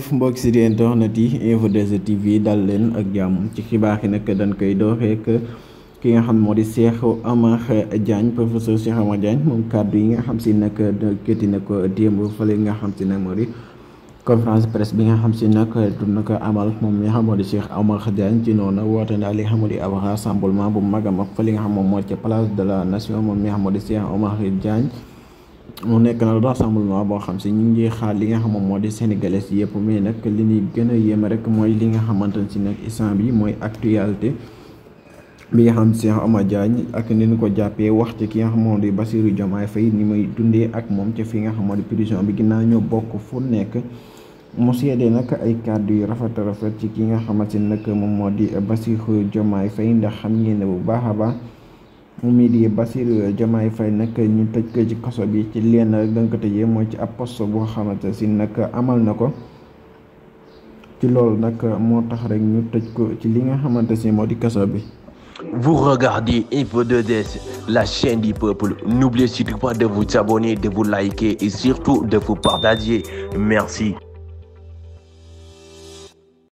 jëf mbokk si di internet yi Info 2S TV dal leen ak jàmm ci xibaar yi nag dañ koy dooree ki nga xam moo di Cheikh Amar Diagne professeur Cheikh Amar Diagne moom kàddu yi nga xam si nag këtti na ko démb fële nga xam si nag moo di conférence presse bi nga xam si nag du na ko amal moom li nga xam moo di Cheikh Amar Diagne ci noonu woote na li nga xam moo di ab rassemblement bu mag a mag fële nga xam moom moo ca palage de la nation moom li moo di Cheikh Amar Diagne mu nekk na rassemblement boo xam si ñu ngi xaar li nga xam moom moo di sénégalais yëpp mais nag li ñuy gën a yéeme rek mooy li nga xamante ne si nag instant yi mooy actualité bi nga xam Cheikh Oumar Diagne ak ni ñu ko jàppee wax ci ki nga moo di Bassirou Diomaye Faye ni muy dundee ak moom ci fi nga xam moo di prison bi ginaa ñoo bokk fu nekk mu seede nag ay kàddu yu rafet rafet ci ki nga xamante nag moom moo di Bassirou Diomaye Faye ndax xam ngeen ne bu baax a baax moom mii di Bassirou Diomaye Faye nag ñu tëj ko ci kasso bi ci leen dañ ko tëjee mooy ci ab poste boo xamante si amal na ci lool nak mo tax rek ñu tëj ko ci li nga xamante si moo bi Vous regardez Info 2S, la chaîne du peuple. N'oubliez surtout pas de vous abonner, de vous liker et surtout de vous partager. Merci.